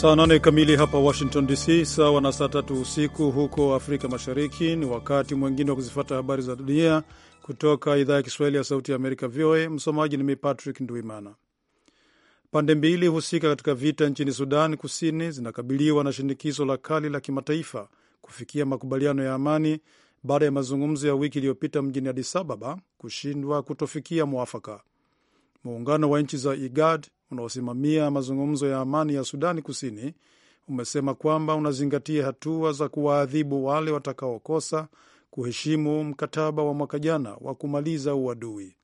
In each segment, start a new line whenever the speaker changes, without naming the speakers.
Saa nane kamili hapa Washington DC, sawa na saa tatu usiku huko Afrika Mashariki. Ni wakati mwingine wa kuzifata habari za dunia kutoka idhaa ya Kiswahili ya Sauti ya Amerika, VOA. Msomaji ni mi Patrick Nduimana. Pande mbili husika katika vita nchini Sudan Kusini zinakabiliwa na shinikizo la kali la kimataifa kufikia makubaliano ya amani baada ya mazungumzo ya wiki iliyopita mjini Adis Ababa kushindwa kutofikia mwafaka. Muungano wa nchi za IGAD unaosimamia mazungumzo ya amani ya Sudani Kusini umesema kwamba unazingatia hatua za kuwaadhibu wale watakaokosa kuheshimu mkataba wa mwaka jana wa kumaliza uadui.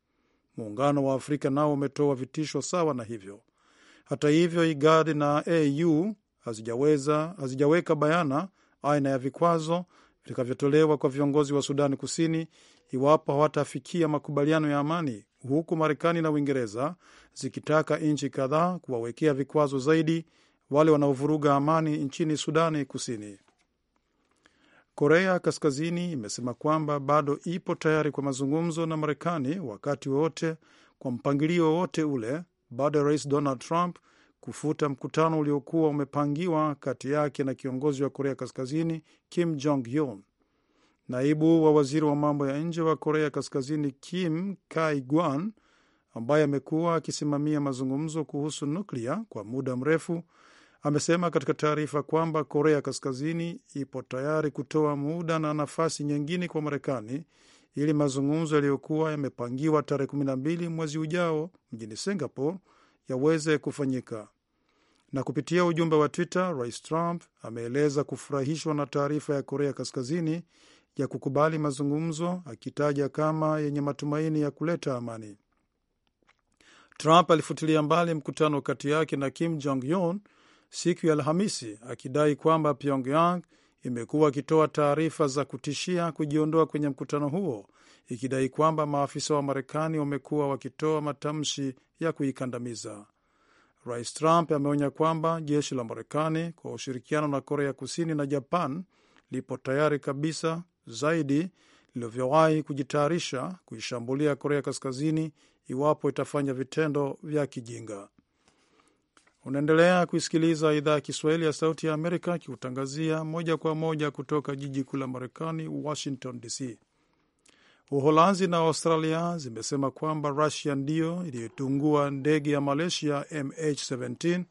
Muungano wa Afrika nao umetoa vitisho sawa na hivyo. Hata hivyo, IGAD na AU hazijaweza hazijaweka bayana aina ya vikwazo vitakavyotolewa kwa viongozi wa Sudani Kusini iwapo hawatafikia makubaliano ya amani huku Marekani na Uingereza zikitaka nchi kadhaa kuwawekea vikwazo zaidi wale wanaovuruga amani nchini Sudani Kusini. Korea Kaskazini imesema kwamba bado ipo tayari kwa mazungumzo na Marekani wakati wowote, kwa mpangilio wowote ule, baada ya Rais Donald Trump kufuta mkutano uliokuwa umepangiwa kati yake na kiongozi wa Korea Kaskazini Kim Jong Un. Naibu wa waziri wa mambo ya nje wa Korea Kaskazini Kim Kai-gwan ambaye amekuwa akisimamia mazungumzo kuhusu nuklia kwa muda mrefu amesema katika taarifa kwamba Korea Kaskazini ipo tayari kutoa muda na nafasi nyingine kwa Marekani ili mazungumzo yaliyokuwa yamepangiwa tarehe 12 mwezi ujao mjini Singapore yaweze kufanyika. Na kupitia ujumbe wa Twitter, Rais Trump ameeleza kufurahishwa na taarifa ya Korea Kaskazini ya kukubali mazungumzo, akitaja kama yenye matumaini ya kuleta amani. Trump alifutilia mbali mkutano kati yake na Kim Jong Un siku ya Alhamisi, akidai kwamba Pyongyang imekuwa ikitoa taarifa za kutishia kujiondoa kwenye mkutano huo, ikidai kwamba maafisa wa Marekani wamekuwa wakitoa matamshi ya kuikandamiza. Rais Trump ameonya kwamba jeshi la Marekani kwa ushirikiano na Korea Kusini na Japan lipo tayari kabisa zaidi lilivyowahi kujitayarisha kuishambulia Korea Kaskazini iwapo itafanya vitendo vya kijinga. Unaendelea kuisikiliza idhaa ya Kiswahili ya Sauti ya Amerika kiutangazia moja kwa moja kutoka jiji kuu la Marekani, Washington DC. Uholanzi na Australia zimesema kwamba Rusia ndiyo iliyotungua ndege ya Malaysia MH17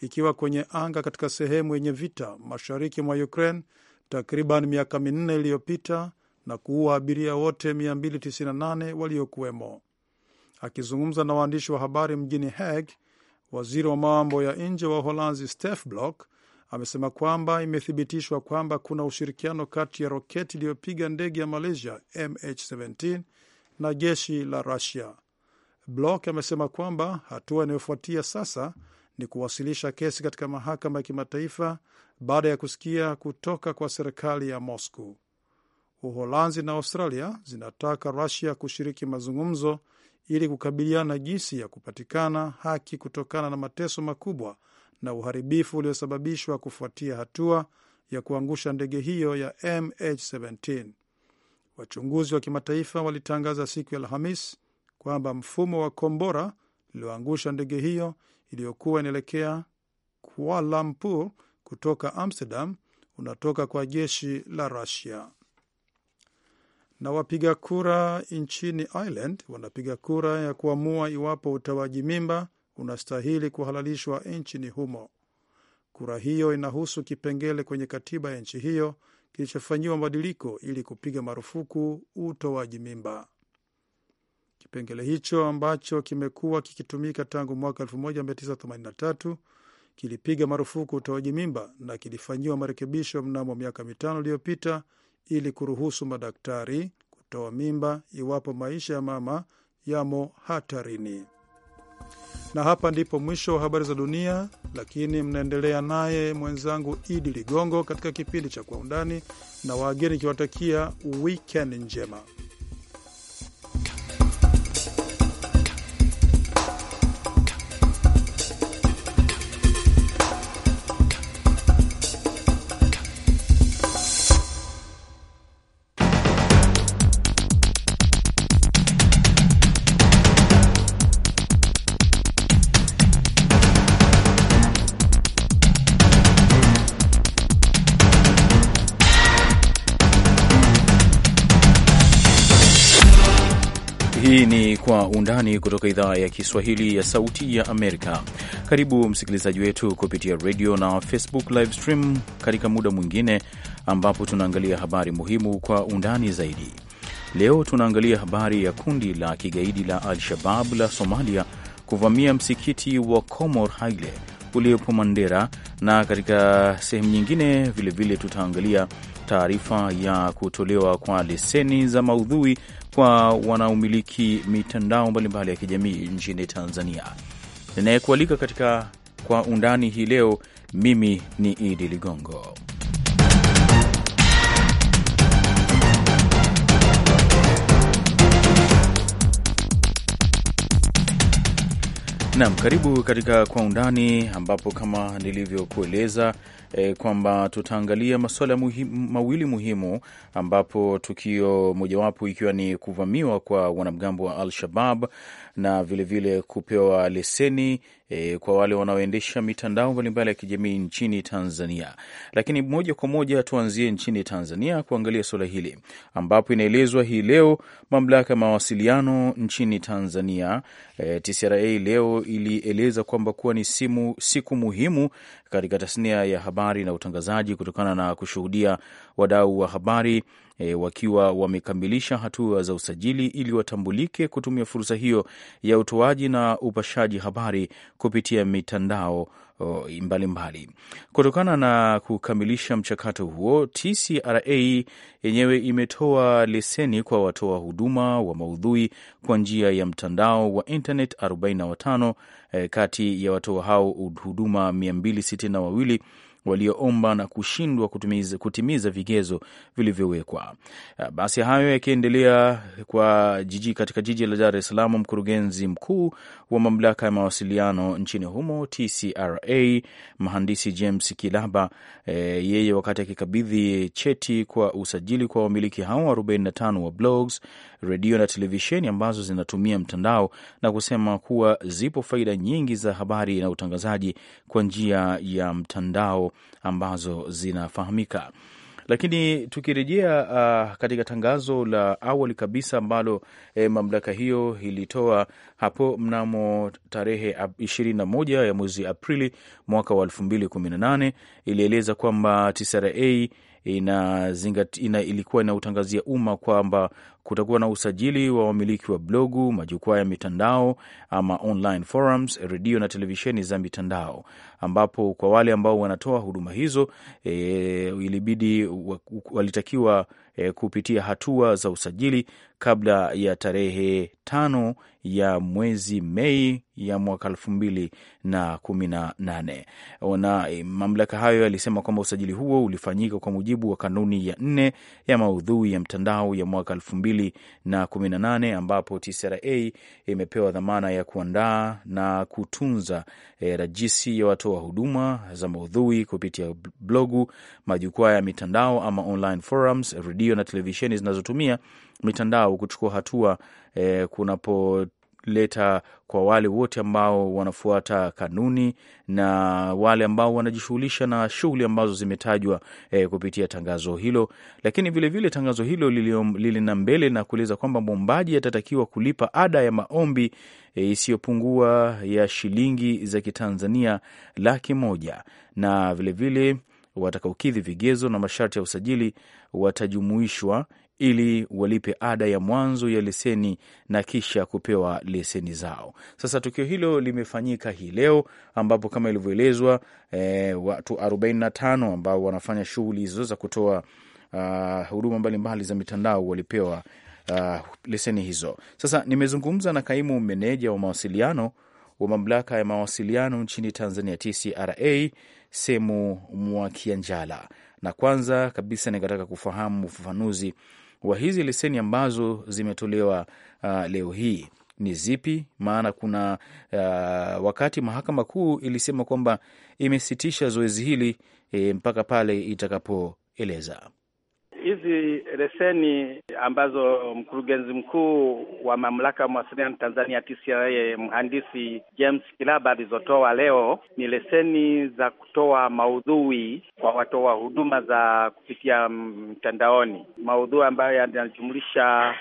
ikiwa kwenye anga katika sehemu yenye vita mashariki mwa Ukraine takriban miaka minne iliyopita na kuua abiria wote 298 waliokuwemo. Akizungumza na waandishi wa habari mjini Hague, waziri wa mambo ya nje wa Uholanzi Stef Blok amesema kwamba imethibitishwa kwamba kuna ushirikiano kati ya roketi iliyopiga ndege ya Malaysia MH17 na jeshi la Rusia. Blok amesema kwamba hatua inayofuatia sasa ni kuwasilisha kesi katika mahakama ya kimataifa baada ya kusikia kutoka kwa serikali ya Moscow. Uholanzi na Australia zinataka Rusia kushiriki mazungumzo ili kukabiliana na jinsi ya kupatikana haki kutokana na mateso makubwa na uharibifu uliosababishwa kufuatia hatua ya kuangusha ndege hiyo ya MH17. Wachunguzi wa kimataifa walitangaza siku ya Alhamis kwamba mfumo wa kombora lilioangusha ndege hiyo iliyokuwa inaelekea Kuala Lumpur kutoka Amsterdam unatoka kwa jeshi la Rusia. Na wapiga kura nchini Ireland wanapiga kura ya kuamua iwapo utoaji mimba unastahili kuhalalishwa nchini humo. Kura hiyo inahusu kipengele kwenye katiba ya nchi hiyo kilichofanyiwa mabadiliko ili kupiga marufuku utoaji mimba. Kipengele hicho ambacho kimekuwa kikitumika tangu mwaka 1983 kilipiga marufuku utoaji mimba na kilifanyiwa marekebisho mnamo miaka mitano iliyopita ili kuruhusu madaktari kutoa mimba iwapo maisha ya mama yamo hatarini. Na hapa ndipo mwisho wa habari za dunia, lakini mnaendelea naye mwenzangu Idi Ligongo katika kipindi cha Kwa Undani na wageni, ikiwatakia wikendi njema.
undani kutoka idhaa ya Kiswahili ya Sauti ya Amerika. Karibu msikilizaji wetu kupitia radio na Facebook live stream katika muda mwingine ambapo tunaangalia habari muhimu kwa undani zaidi. Leo tunaangalia habari ya kundi la kigaidi la Al-Shabab la Somalia kuvamia msikiti wa Komor Haile uliopo Mandera, na katika sehemu nyingine vilevile tutaangalia taarifa ya kutolewa kwa leseni za maudhui kwa wanaomiliki mitandao mbalimbali ya kijamii nchini Tanzania. Ninayekualika katika Kwa Undani hii leo, mimi ni Idi Ligongo. Naam, karibu katika Kwa Undani, ambapo kama nilivyokueleza e, kwamba tutaangalia masuala muhimu, mawili muhimu ambapo tukio mojawapo ikiwa ni kuvamiwa kwa wanamgambo wa Al-Shabab na vilevile vile kupewa leseni e, kwa wale wanaoendesha mitandao mbalimbali ya kijamii nchini Tanzania. Lakini moja kwa moja tuanzie nchini Tanzania kuangalia suala hili ambapo inaelezwa hii leo mamlaka ya mawasiliano nchini Tanzania e, TCRA leo ilieleza kwamba kuwa ni simu, siku muhimu katika tasnia ya habari habari na utangazaji kutokana na kushuhudia wadau wa habari e, wakiwa wamekamilisha hatua za usajili ili watambulike kutumia fursa hiyo ya utoaji na upashaji habari kupitia mitandao mbalimbali. Kutokana na kukamilisha mchakato huo, TCRA yenyewe imetoa leseni kwa watoa huduma wa maudhui kwa njia ya mtandao wa internet 45 e, kati ya watoa hao huduma 262 walioomba na kushindwa kutimiza, kutimiza vigezo vilivyowekwa. Ah, basi hayo yakiendelea kwa jiji katika jiji la Dar es Salaam, mkurugenzi mkuu wa mamlaka ya mawasiliano nchini humo TCRA, mhandisi James Kilaba, e, yeye wakati akikabidhi cheti kwa usajili kwa wamiliki hao 45 wa blogs redio na televisheni ambazo zinatumia mtandao na kusema kuwa zipo faida nyingi za habari na utangazaji kwa njia ya mtandao ambazo zinafahamika. Lakini tukirejea uh, katika tangazo la awali kabisa ambalo eh, mamlaka hiyo ilitoa hapo mnamo tarehe 21 ya mwezi Aprili mwaka wa 2018 ilieleza kwamba TCRA ina, zingat, ina ilikuwa inautangazia umma kwamba kutakuwa na usajili wa wamiliki wa blogu, majukwaa ya mitandao ama online forums, redio na televisheni za mitandao, ambapo kwa wale ambao wanatoa huduma hizo e, ilibidi walitakiwa e, kupitia hatua za usajili kabla ya tarehe tano ya mwezi Mei ya mwaka elfu mbili na kumi na nane na e, mamlaka hayo yalisema kwamba usajili huo ulifanyika kwa mujibu wa kanuni ya nne ya maudhui ya mtandao ya mwaka elfu mbili mbili na kumi na nane ambapo TCRA imepewa dhamana ya kuandaa na kutunza e, rajisi ya watoa huduma za maudhui kupitia blogu, majukwaa ya mitandao ama online forums, redio na televisheni zinazotumia mitandao kuchukua hatua e, kunapo kuleta kwa wale wote ambao wanafuata kanuni na wale ambao wanajishughulisha na shughuli ambazo zimetajwa eh, kupitia tangazo hilo. Lakini vilevile vile tangazo hilo lilina mbele na kueleza kwamba mwombaji atatakiwa kulipa ada ya maombi eh, isiyopungua ya shilingi za Kitanzania laki moja na vilevile watakaokidhi vigezo na masharti ya usajili watajumuishwa ili walipe ada ya mwanzo ya leseni na kisha kupewa leseni zao. Sasa tukio hilo limefanyika hii leo, ambapo kama ilivyoelezwa e, watu 45 ambao wanafanya shughuli hizo za kutoa uh, huduma mbalimbali za mitandao walipewa uh, leseni hizo. Sasa nimezungumza na kaimu meneja wa mawasiliano wa mamlaka ya mawasiliano nchini Tanzania, TCRA, Semu Mwakianjala, na kwanza kabisa nikataka kufahamu ufafanuzi wa hizi leseni ambazo zimetolewa uh, leo hii ni zipi? Maana kuna uh, wakati mahakama kuu ilisema kwamba imesitisha zoezi hili e, mpaka pale itakapoeleza
hizi leseni ambazo mkurugenzi mkuu wa mamlaka ya mawasiliano Tanzania TCRA mhandisi James Kilaba alizotoa leo ni leseni za kutoa maudhui kwa watoa huduma za kupitia mtandaoni, maudhui ambayo yanajumlisha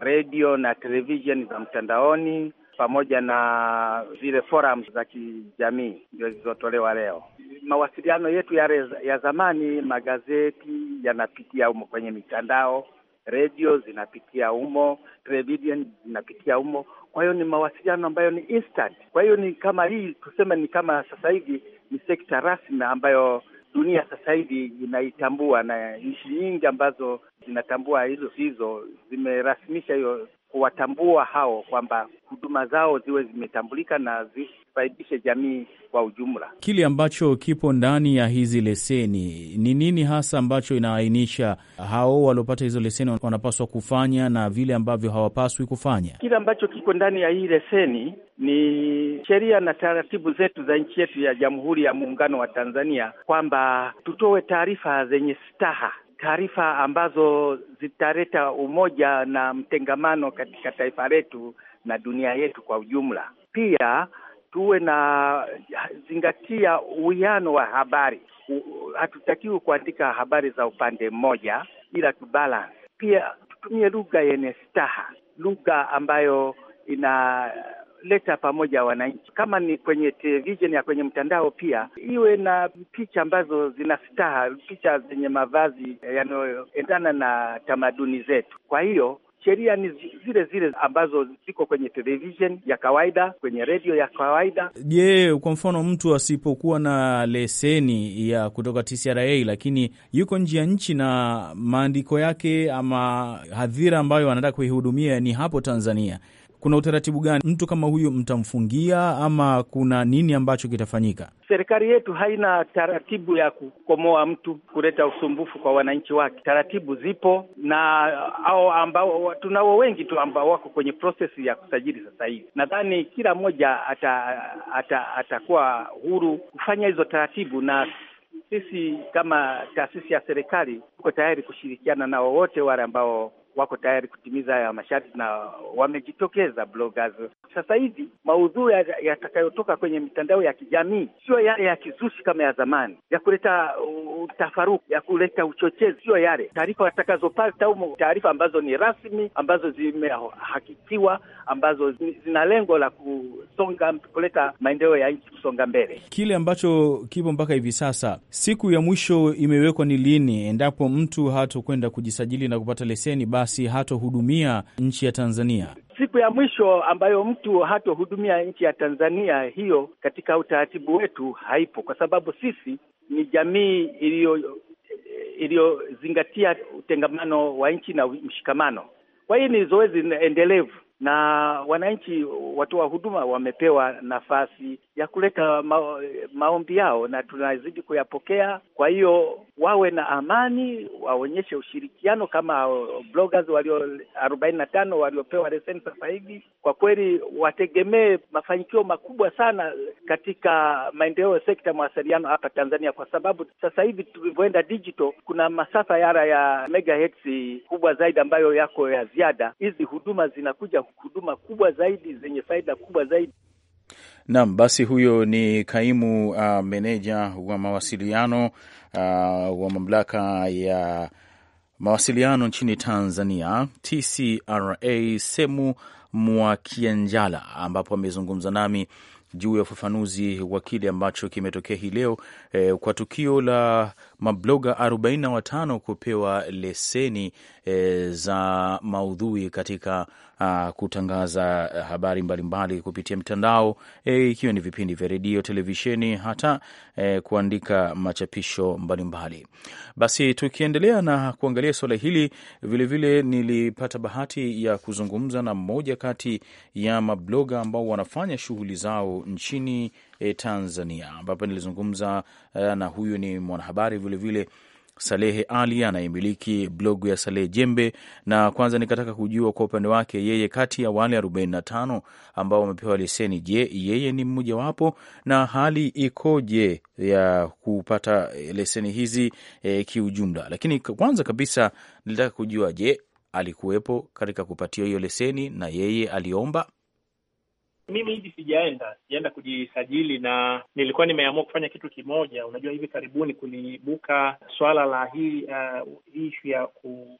redio na televisheni za mtandaoni pamoja na zile forums za kijamii ndio zilizotolewa leo. Mawasiliano yetu ya, reza, ya zamani, magazeti yanapitia humo kwenye mitandao, redio zinapitia humo, television zinapitia humo. Kwa hiyo ni mawasiliano ambayo ni instant. Kwa hiyo ni kama hii tuseme, ni kama sasa hivi ni sekta rasmi ambayo dunia sasa hivi inaitambua na nchi nyingi ambazo zinatambua hizo hizo zimerasimisha hiyo kuwatambua hao kwamba huduma zao ziwe zimetambulika na zifaidishe jamii kwa ujumla.
Kile ambacho kipo ndani ya hizi leseni ni nini hasa ambacho inaainisha hao waliopata hizo leseni wanapaswa kufanya na vile ambavyo hawapaswi kufanya?
Kile ambacho kiko ndani ya hii leseni ni sheria na taratibu zetu za nchi yetu ya Jamhuri ya Muungano wa Tanzania, kwamba tutoe taarifa zenye staha taarifa ambazo zitaleta umoja na mtengamano katika taifa letu na dunia yetu kwa ujumla. Pia tuwe na zingatia uwiano wa habari. Hatutakiwi kuandika habari za upande mmoja, ila tubalance. Pia tutumie lugha yenye staha, lugha ambayo ina leta pamoja wananchi, kama ni kwenye televisheni ya kwenye mtandao, pia iwe na picha ambazo zina staha, picha zenye mavazi yanayoendana na tamaduni zetu. Kwa hiyo sheria ni zile zile ambazo ziko kwenye televishen ya kawaida, kwenye redio ya kawaida.
Je, kwa mfano mtu asipokuwa na leseni ya kutoka TCRA lakini yuko nje ya nchi na maandiko yake ama hadhira ambayo anataka kuihudumia ni hapo Tanzania, kuna utaratibu gani mtu kama huyu mtamfungia, ama kuna nini ambacho kitafanyika?
Serikali yetu haina taratibu ya kukomoa mtu kuleta usumbufu kwa wananchi wake. Taratibu zipo na au ambao tunao wengi tu ambao wako kwenye proses ya kusajili sasa hivi. Nadhani kila mmoja atakuwa ata, ata huru kufanya hizo taratibu na sisi kama taasisi ya serikali tuko tayari kushirikiana na wowote wale ambao wako tayari kutimiza haya masharti na wamejitokeza bloggers. Sasa hivi maudhui yatakayotoka kwenye mitandao ya kijamii sio yale ya kizushi kama ya zamani ya kuleta utafaruku, ya kuleta uchochezi, sio yale taarifa watakazopata au taarifa ambazo ni rasmi, ambazo zimehakikiwa, ambazo zina lengo la kusonga, kuleta maendeleo ya nchi kusonga
mbele. Kile ambacho kipo mpaka hivi sasa, siku ya mwisho imewekwa ni lini? Endapo mtu hatokwenda kujisajili na kupata leseni, basi basi hatohudumia nchi ya Tanzania.
Siku ya mwisho ambayo mtu hatohudumia nchi ya Tanzania, hiyo katika utaratibu wetu haipo, kwa sababu sisi ni jamii iliyo iliyozingatia utengamano wa nchi na mshikamano. Kwa hiyo ni zoezi endelevu na wananchi watoa huduma wamepewa nafasi ya kuleta ma maombi yao na tunazidi kuyapokea. Kwa hiyo wawe na amani, waonyeshe ushirikiano kama bloggers walio arobaini na tano waliopewa leseni sasa hivi. Kwa kweli wategemee mafanikio makubwa sana katika maendeleo ya sekta ya mawasiliano hapa Tanzania, kwa sababu sasa hivi tulivyoenda digital, kuna masafa yara ya megahertz kubwa zaidi ambayo yako ya ziada. Hizi huduma zinakuja huduma kubwa zaidi zenye faida kubwa zaidi.
Naam, basi huyo ni kaimu uh, meneja wa mawasiliano uh, wa mamlaka ya mawasiliano nchini Tanzania TCRA Semu Mwakianjala, ambapo amezungumza nami juu ya ufafanuzi wa kile ambacho kimetokea hii leo eh, kwa tukio la mabloga 45 kupewa leseni e, za maudhui katika a, kutangaza habari mbalimbali mbali kupitia mtandao e, ikiwa e, ni vipindi vya redio, televisheni, hata e, kuandika machapisho mbalimbali mbali. Basi tukiendelea na kuangalia suala hili vilevile, nilipata bahati ya kuzungumza na mmoja kati ya mabloga ambao wanafanya shughuli zao nchini e, Tanzania, ambapo nilizungumza e, na huyu ni mwanahabari vilevile Salehe Ali anayemiliki blogu ya Salehe Jembe, na kwanza nikataka kujua kwa upande wake yeye, kati ya wale 45 ambao wamepewa leseni, je, yeye ni mmojawapo na hali ikoje ya kupata eh, leseni hizi e, kiujumla? Lakini kwanza kabisa nilitaka kujua, je, alikuwepo katika kupatiwa hiyo leseni na yeye aliomba?
Mimi hivi sijaenda sijaenda kujisajili, na nilikuwa nimeamua kufanya kitu kimoja. Unajua, hivi karibuni kulibuka swala la hii uh, ishu ya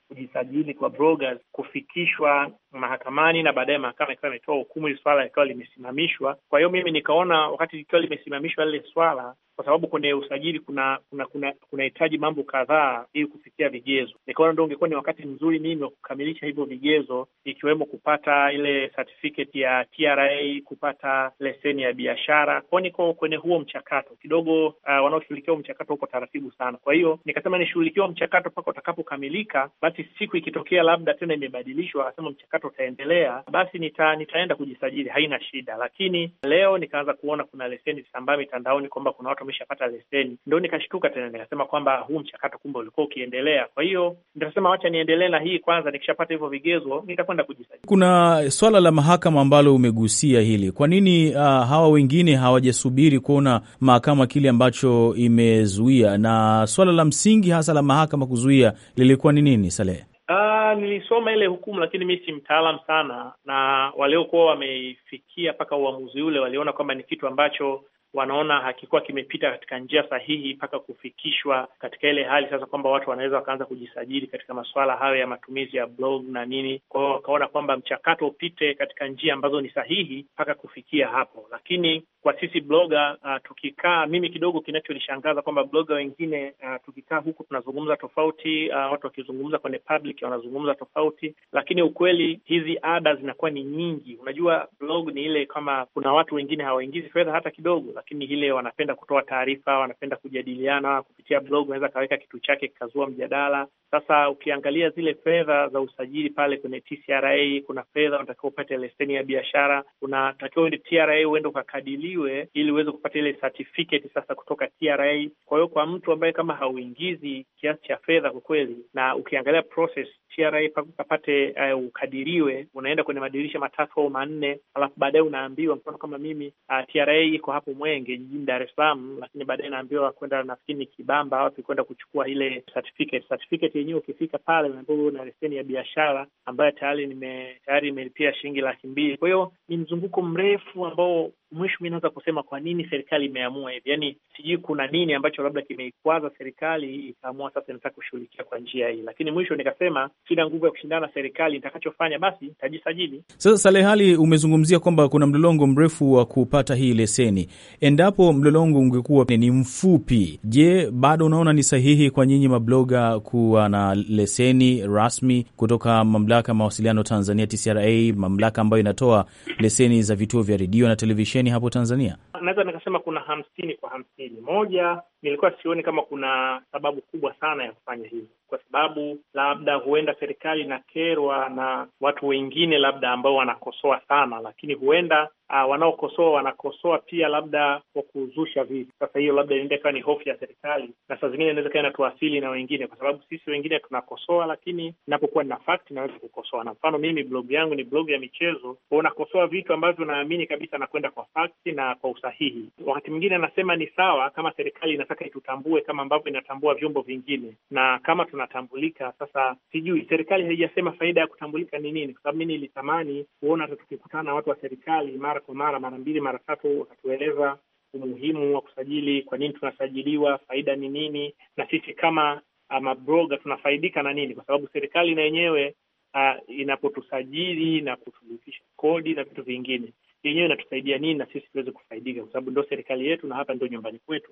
kujisajili kwa bloggers kufikishwa mahakamani na baadaye mahakama ikiwa imetoa hukumu, hili swala likiwa limesimamishwa. Kwa hiyo mimi nikaona wakati likiwa limesimamishwa lile swala, kwa sababu kwenye usajili kuna kuna kunahitaji kuna mambo kadhaa ili kufikia vigezo. Nikaona ndo ungekuwa ni wakati mzuri mimi wa kukamilisha hivyo vigezo, ikiwemo kupata ile certificate ya TRA, kupata leseni ya biashara. Kwao niko kwenye huo mchakato kidogo. Uh, wanaoshughulikia mchakato huko taratibu sana, kwa hiyo nikasema nishughulikiwa mchakato mpaka utakapokamilika. Basi siku ikitokea labda tena imebadilishwa akasema mchakato utaendelea, basi nita, nitaenda kujisajili, haina shida. Lakini leo nikaanza kuona kuna leseni sambaa mitandaoni kwamba kuna watu wameshapata leseni. Ndo nikashtuka tena, nikasema kwamba huu mchakato kumbe ulikuwa ukiendelea. Kwa hiyo nitasema wacha niendelee na hii kwanza, nikishapata hivyo vigezo nitakwenda kujisajili.
Kuna swala la mahakama ambalo umegusia hili, kwa nini uh, hawa wengine hawajasubiri kuona mahakama kile ambacho imezuia? Na swala la msingi hasa la mahakama kuzuia lilikuwa ni nini, Salehe?
Uh, nilisoma ile hukumu lakini mi si mtaalam sana, na waliokuwa wameifikia mpaka uamuzi ule waliona kwamba ni kitu ambacho wanaona hakikuwa kimepita katika njia sahihi mpaka kufikishwa katika ile hali sasa kwamba watu wanaweza wakaanza kujisajili katika masuala hayo ya matumizi ya blog na nini. Kwa wakaona kwamba mchakato upite katika njia ambazo ni sahihi mpaka kufikia hapo, lakini kwa sisi bloga uh, tukikaa, mimi kidogo kinachonishangaza kwamba bloga wengine uh, tukikaa huku tunazungumza tofauti, uh, watu wakizungumza kwenye public wanazungumza tofauti, lakini ukweli hizi ada zinakuwa ni nyingi. Unajua blog ni ile kama kuna watu wengine hawaingizi fedha hata kidogo lakini ile wanapenda kutoa taarifa, wanapenda kujadiliana kupitia blog, unaweza akaweka kitu chake kikazua mjadala sasa ukiangalia zile fedha za usajili pale kwenye TCRA, kuna fedha unatakiwa upate leseni ya biashara, unatakiwa uende TRA uende ukakadiliwe ili uweze kupata ile certificate sasa kutoka TRA. Kwa hiyo kwa mtu ambaye kama hauingizi kiasi cha fedha kwa kweli, na ukiangalia process TRA ukapate uh, eh, ukadiriwe, unaenda kwenye madirisha matatu au manne, alafu baadaye unaambiwa, mfano kama mimi uh, ah, TRA iko hapo Mwenge jijini Dar es Salaam, lakini baadaye naambiwa kwenda nafikiri ni Kibamba wapi kwenda kuchukua ile certificate certificate yenyewe, ukifika pale unaambiwa na leseni ya biashara ambayo tayari nime tayari imelipia shilingi laki mbili. Kwa hiyo ni mzunguko mrefu ambao mwisho mi naweza kusema kwa nini serikali imeamua hivi, yaani sijui kuna nini ambacho labda kimeikwaza serikali ikaamua sasa inataka kushughulikia kwa njia hii, lakini mwisho nikasema sina nguvu ya kushindana na serikali, nitakachofanya basi nitajisajili.
Sasa Salehali, umezungumzia kwamba kuna mlolongo mrefu wa kupata hii leseni. Endapo mlolongo ungekuwa ni mfupi, je, bado unaona ni sahihi kwa nyinyi mabloga kuwa na leseni rasmi kutoka mamlaka ya mawasiliano Tanzania TCRA, mamlaka ambayo inatoa leseni za vituo vya redio na televisheni televisheni hapo Tanzania?
Naweza nikasema kuna hamsini kwa hamsini. Moja, nilikuwa sioni kama kuna sababu kubwa sana ya kufanya hivyo, kwa sababu labda huenda serikali inakerwa na watu wengine labda ambao wanakosoa sana, lakini huenda uh, wanaokosoa wanakosoa pia labda kwa kuzusha vitu. Sasa hiyo labda inaweza ikawa ni hofu ya serikali, na saa zingine inaweza kawa inatuasili na wengine, kwa sababu sisi wengine tunakosoa, lakini inapokuwa na fakti inaweza kukosoa. Na mfano mimi blogu yangu ni blogu ya michezo, unakosoa vitu ambavyo naamini kabisa nakwenda kwa fakti na kwa usahihi. Wakati mwingine anasema ni sawa, kama serikali inataka itutambue kama ambavyo inatambua vyombo vingine, na kama tunatambulika. Sasa sijui serikali haijasema faida ya kutambulika ni nini, kwa sababu mi nilitamani kuona hata tukikutana watu wa serikali mara kwa mara, mara mbili, mara tatu, wakatueleza umuhimu wa kusajili, kwa nini tunasajiliwa, faida ni nini, na sisi kama ah, mabroga tunafaidika na nini, kwa sababu serikali na yenyewe uh, inapotusajili na kutulipisha kodi na vitu vingine yenyewe inatusaidia nini na sisi tuweze kufaidika, kwa sababu ndo serikali yetu na hapa ndo nyumbani kwetu.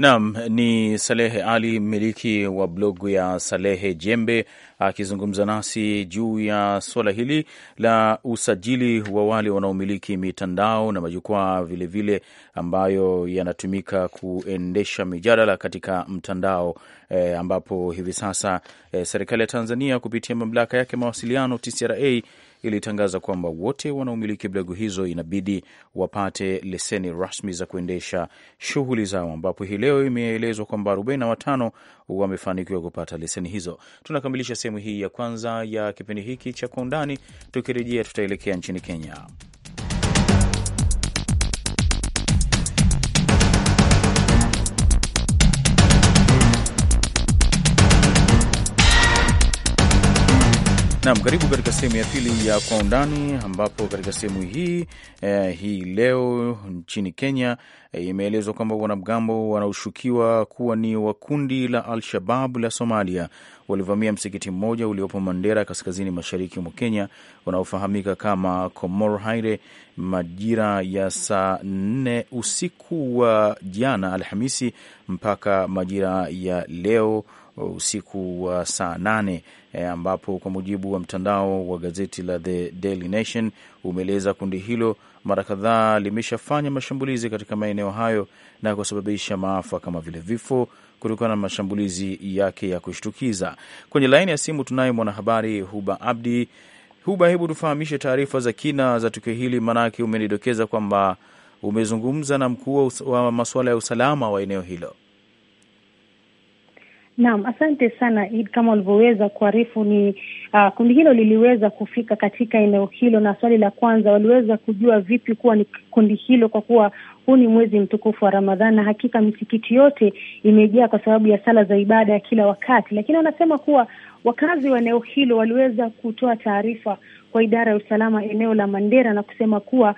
Naam, ni Salehe Ali, mmiliki wa blogu ya Salehe Jembe, akizungumza nasi juu ya suala hili la usajili wa wale wanaomiliki mitandao na majukwaa vilevile ambayo yanatumika kuendesha mijadala katika mtandao e, ambapo hivi sasa e, serikali ya Tanzania kupitia mamlaka yake mawasiliano TCRA ilitangaza kwamba wote wanaomiliki blogu hizo inabidi wapate leseni rasmi za kuendesha shughuli zao, ambapo hii leo imeelezwa kwamba 45 wamefanikiwa kupata leseni hizo. Tunakamilisha sehemu hii ya kwanza ya kipindi hiki cha Kwa Undani. Tukirejea tutaelekea nchini Kenya. Nam, karibu katika sehemu ya pili ya Kwa Undani, ambapo katika sehemu hii eh, hii leo nchini Kenya eh, imeelezwa kwamba wanamgambo wanaoshukiwa kuwa ni wa kundi la Al-Shabab la Somalia walivamia msikiti mmoja uliopo Mandera, kaskazini mashariki mwa Kenya, unaofahamika kama Komor Haire majira ya saa nne usiku wa jana Alhamisi mpaka majira ya leo usiku wa saa nane e, ambapo kwa mujibu wa mtandao wa gazeti la The Daily Nation umeeleza kundi hilo mara kadhaa limeshafanya mashambulizi katika maeneo hayo na kusababisha maafa kama vile vifo kutokana na mashambulizi yake ya kushtukiza. Kwenye laini ya simu tunaye mwanahabari Huba Abdi. Huba, hebu tufahamishe taarifa za kina za tukio hili, maanake umenidokeza kwamba umezungumza na mkuu wa masuala ya usalama wa eneo hilo.
Naam, asante sana Id, kama ulivyoweza kuarifu ni uh, kundi hilo liliweza kufika katika eneo hilo, na swali la kwanza waliweza kujua vipi kuwa ni kundi hilo, kwa kuwa huu ni mwezi mtukufu wa Ramadhani na hakika misikiti yote imejaa kwa sababu ya sala za ibada ya kila wakati, lakini wanasema kuwa wakazi wa eneo hilo waliweza kutoa taarifa kwa idara ya usalama eneo la Mandera na kusema kuwa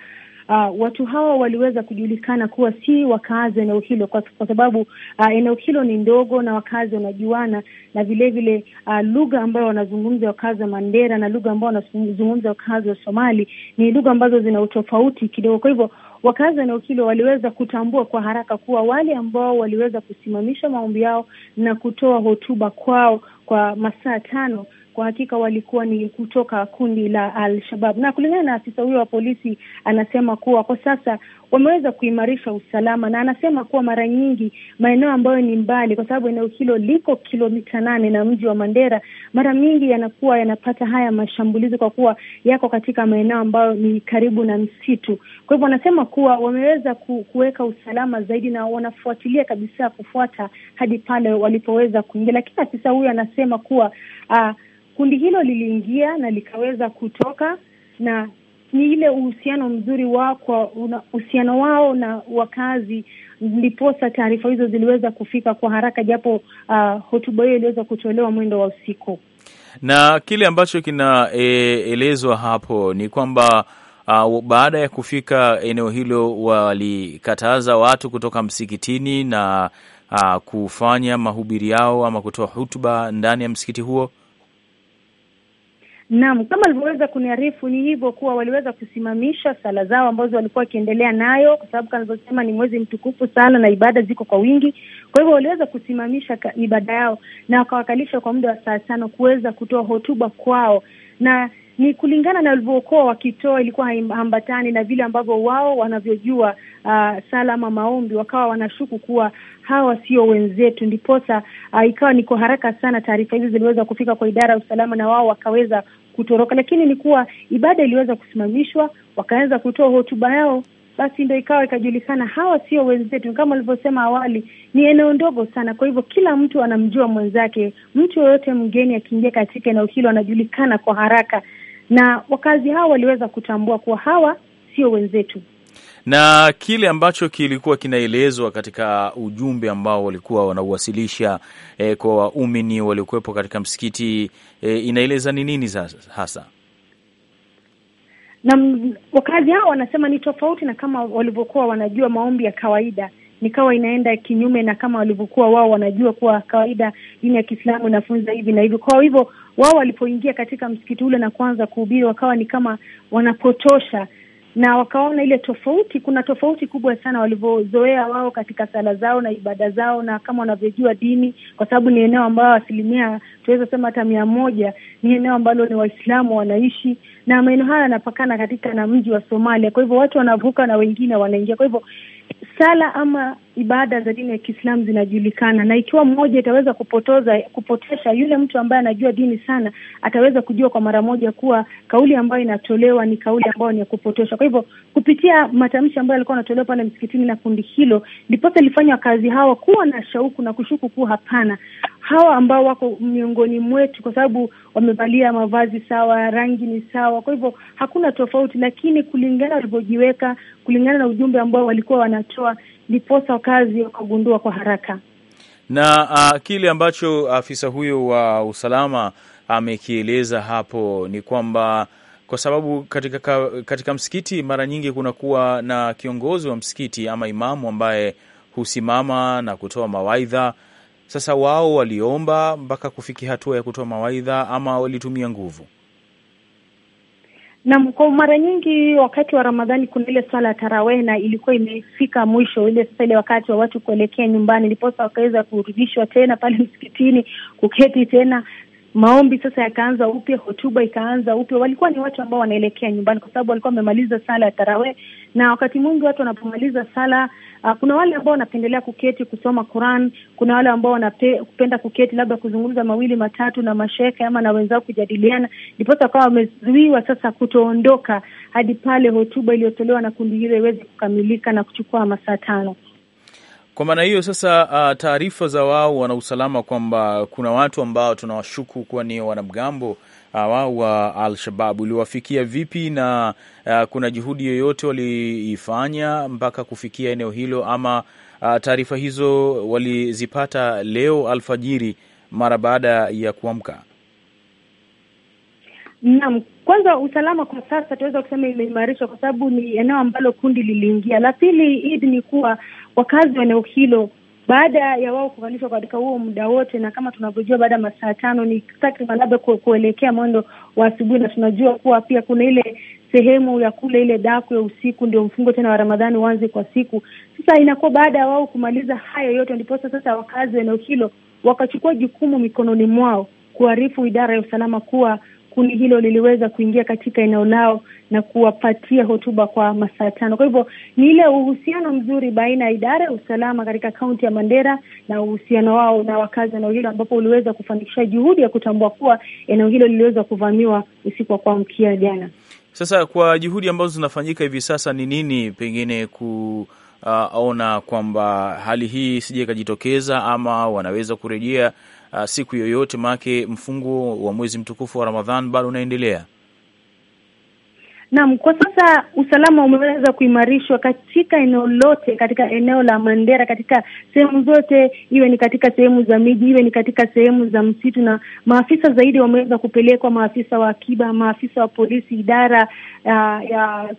uh, watu hawa waliweza kujulikana kuwa si wakaazi wa eneo hilo, kwa, kwa sababu uh, eneo hilo ni ndogo na wakaazi wanajuana, na vilevile uh, ah, lugha ambayo wanazungumza wakaazi wa Mandera na lugha ambayo wanazungumza wakaazi wa Somali ni lugha ambazo zina utofauti kidogo, kwa hivyo wakazi wa eneo hilo waliweza kutambua kwa haraka kuwa wale ambao waliweza kusimamisha maombi yao na kutoa hotuba kwao kwa masaa tano kwa hakika walikuwa ni kutoka kundi la Al-Shabab, na kulingana na afisa huyo wa polisi anasema kuwa kwa sasa wameweza kuimarisha usalama, na anasema kuwa mara nyingi maeneo ambayo ni mbali, kwa sababu eneo hilo liko kilomita nane na mji wa Mandera, mara mingi yanakuwa yanapata haya mashambulizi kwa kuwa yako katika maeneo ambayo ni karibu na msitu. Kwa hivyo wanasema kuwa wameweza kuweka usalama zaidi na wanafuatilia kabisa kufuata hadi pale walipoweza kuingia, lakini afisa huyo anasema kuwa uh, Kundi hilo liliingia na likaweza kutoka, na ni ile uhusiano mzuri wao kwa uhusiano wao na wakazi, ndiposa taarifa hizo ziliweza kufika kwa haraka, japo uh, hotuba hiyo iliweza kutolewa mwendo wa usiku
na kile ambacho kinaelezwa e, hapo ni kwamba uh, baada ya kufika eneo hilo walikataza watu kutoka msikitini na uh, kufanya mahubiri yao ama kutoa hutuba ndani ya msikiti huo.
Naam, kama alivyoweza kuniarifu ni hivyo kuwa waliweza kusimamisha sala zao ambazo walikuwa wakiendelea nayo, kwa sababu kanazosema ni mwezi mtukufu, sala na ibada ziko kwa wingi. Kwa hivyo waliweza kusimamisha ibada yao na wakawakalisha kwa muda wa saa tano kuweza kutoa hotuba kwao, na ni kulingana na walivyokuwa wakitoa, ilikuwa haambatani na vile ambavyo wao wanavyojua uh, sala ama maombi, wakawa wanashuku kuwa hawa sio wenzetu, ndiposa uh, ikawa niko haraka sana taarifa hizi ziliweza kufika kwa idara ya usalama na wao wakaweza kutoroka, lakini ni kuwa ibada iliweza kusimamishwa, wakaanza kutoa hotuba yao basi ndo ikawa ikajulikana hawa sio wenzetu. Kama walivyosema awali, ni eneo ndogo sana, kwa hivyo kila mtu anamjua mwenzake. Mtu yoyote mgeni akiingia katika eneo hilo anajulikana kwa haraka, na wakazi hawa waliweza kutambua kuwa hawa sio wenzetu
na kile ambacho kilikuwa kinaelezwa katika ujumbe ambao walikuwa wanauwasilisha eh, kwa waumini waliokuwepo katika msikiti eh, inaeleza ni nini hasa?
na wakazi hao wanasema ni tofauti na kama walivyokuwa wanajua maombi ya kawaida nikawa inaenda kinyume na kama walivyokuwa wao wanajua kuwa kawaida dini ya Kiislamu inafunza hivi na hivi. Kwa hivyo wao walipoingia katika msikiti ule na kuanza kuhubiri, wakawa ni kama wanapotosha na wakaona ile tofauti. Kuna tofauti kubwa sana walivyozoea wao katika sala zao na ibada zao, na kama wanavyojua dini, kwa sababu ni eneo ambayo asilimia tuweza sema hata mia moja ni eneo ambalo ni Waislamu wanaishi, na maeneo haya yanapakana katika na mji wa Somalia. Kwa hivyo watu wanavuka na wengine wanaingia, kwa hivyo sala ama ibada za dini ya Kiislamu zinajulikana, na ikiwa mmoja itaweza kupotoza kupotosha yule mtu ambaye anajua dini sana, ataweza kujua kwa mara moja kuwa kauli ambayo inatolewa ni kauli ambayo ni ya kupotosha. Kwa hivyo kupitia matamshi ambayo alikuwa anatolewa pale msikitini na kundi hilo, ndiposa ilifanywa kazi hawa kuwa na shauku na kushuku kuwa hapana, hawa ambao wako miongoni mwetu, kwa sababu wamevalia mavazi sawa, rangi ni sawa, kwa hivyo hakuna tofauti. Lakini kulingana walivyojiweka, kulingana na ujumbe ambao walikuwa wanatoa, ndiposa wakazi wakagundua kwa haraka
na uh, kile ambacho afisa huyo wa usalama amekieleza hapo ni kwamba kwa sababu katika, katika msikiti mara nyingi kunakuwa na kiongozi wa msikiti ama imamu ambaye husimama na kutoa mawaidha sasa wao waliomba mpaka kufikia hatua ya kutoa mawaidha ama walitumia nguvu?
Naam, kwa mara nyingi wakati wa Ramadhani kuna ile swala ya taraweh na ilikuwa imefika mwisho ile sasa, ile wakati wa watu kuelekea nyumbani, ndiposa wakaweza kurudishwa tena pale msikitini kuketi tena maombi sasa yakaanza upya, hotuba ikaanza upya. Walikuwa ni watu ambao wanaelekea nyumbani, kwa sababu walikuwa wamemaliza sala ya tarawe. na wakati mwingi watu wanapomaliza sala uh, kuna wale ambao wanapendelea kuketi kusoma Quran, kuna wale ambao wanapenda kuketi labda kuzungumza mawili matatu na mashekhe ama na wenzao kujadiliana, ndiposa wakawa wamezuiwa sasa kutoondoka hadi pale hotuba iliyotolewa na kundi hilo iweze kukamilika na kuchukua masaa tano.
Kwa maana hiyo sasa, uh, taarifa za wao wana usalama kwamba kuna watu ambao tunawashuku kuwa ni wanamgambo uh, wao wa Al-Shabab uliwafikia vipi, na uh, kuna juhudi yoyote waliifanya mpaka kufikia eneo hilo, ama uh, taarifa hizo walizipata leo alfajiri mara baada ya kuamka?
Naam, kwanza usalama kwa sasa tunaweza kusema imeimarishwa kwa sababu ni eneo ambalo kundi liliingia. La pili, Idi, ni kuwa wakazi wa eneo hilo baada ya wao kuvalishwa katika huo muda wote, na kama tunavyojua, baada ya masaa tano ni takriban labda kuelekea mwendo wa asubuhi, na tunajua kuwa pia kuna ile sehemu ya kule ile daku ya usiku ndio mfungo tena wa Ramadhani uanze kwa siku. Sasa inakuwa baada ya wao kumaliza hayo yote, ndiposa sasa wakazi wa eneo hilo wakachukua jukumu mikononi mwao kuarifu idara ya usalama kuwa kundi hilo liliweza kuingia katika eneo lao na kuwapatia hotuba kwa masaa tano. Kwa hivyo ni ile uhusiano mzuri baina ya idara ya usalama katika kaunti ya Mandera na uhusiano wao na wakazi wa eneo hilo, ambapo uliweza kufanikisha juhudi ya kutambua kuwa eneo hilo liliweza kuvamiwa usiku wa kuamkia jana.
Sasa kwa juhudi ambazo zinafanyika hivi sasa, ni nini pengine ku uh, ona kwamba hali hii sije ikajitokeza ama wanaweza kurejea uh, siku yoyote, maanake mfungo wa mwezi mtukufu wa Ramadhan bado unaendelea?
Naam, kwa sasa usalama umeweza kuimarishwa katika eneo lote, katika eneo la Mandera, katika sehemu zote, iwe ni katika sehemu za miji, iwe ni katika sehemu za msitu, na maafisa zaidi wameweza kupelekwa, maafisa wa akiba, maafisa wa polisi, idara uh, ya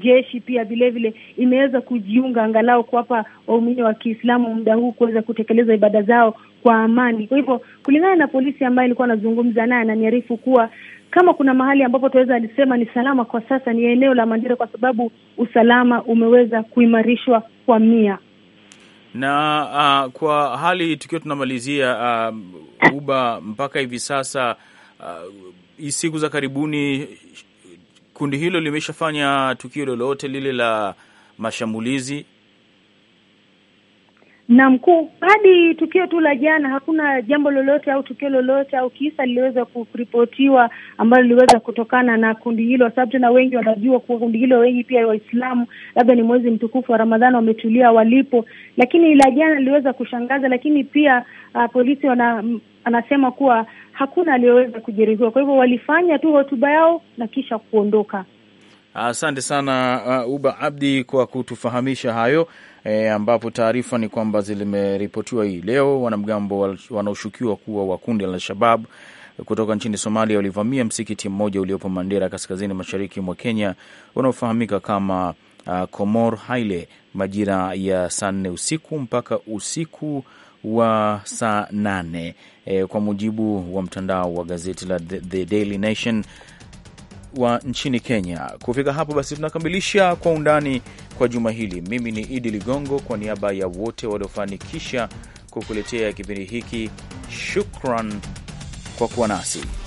jeshi pia vile vile imeweza kujiunga angalau kuwapa waumini wa Kiislamu muda huu kuweza kutekeleza ibada zao kwa amani. Kwa hivyo kulingana na polisi ambaye alikuwa anazungumza naye, ananiarifu kuwa kama kuna mahali ambapo tunaweza alisema ni salama kwa sasa ni eneo la Mandera, kwa sababu usalama umeweza kuimarishwa kwa mia
na uh, kwa hali tukiwa tunamalizia uh, ah, uba mpaka hivi sasa uh, siku za karibuni kundi hilo limeshafanya tukio lolote lile la mashambulizi
na mkuu, hadi tukio tu la jana hakuna jambo lolote au tukio lolote au kisa liliweza kuripotiwa ambalo liliweza kutokana na kundi hilo, kwa sababu tena wengi wanajua kuwa kundi hilo, wengi pia Waislamu, labda ni mwezi mtukufu wa Ramadhani, wametulia walipo, lakini la jana liliweza kushangaza. Lakini pia uh, polisi wana anasema kuwa hakuna aliyeweza kujeruhiwa, kwa hivyo walifanya tu hotuba yao na kisha kuondoka.
Asante sana uh, Uba Abdi kwa kutufahamisha hayo e, ambapo taarifa ni kwamba zilimeripotiwa hii leo wanamgambo wanaoshukiwa kuwa wa kundi la Al-Shabab kutoka nchini Somalia walivamia msikiti mmoja uliopo Mandera, kaskazini mashariki mwa Kenya, unaofahamika kama uh, Komor Haile majira ya saa nne usiku mpaka usiku wa saa nane e, kwa mujibu wa mtandao wa gazeti la The Daily Nation wa nchini Kenya. Kufika hapo basi, tunakamilisha kwa undani kwa juma hili. Mimi ni Idi Ligongo, kwa niaba ya wote waliofanikisha kukuletea kipindi hiki, shukran kwa kuwa nasi.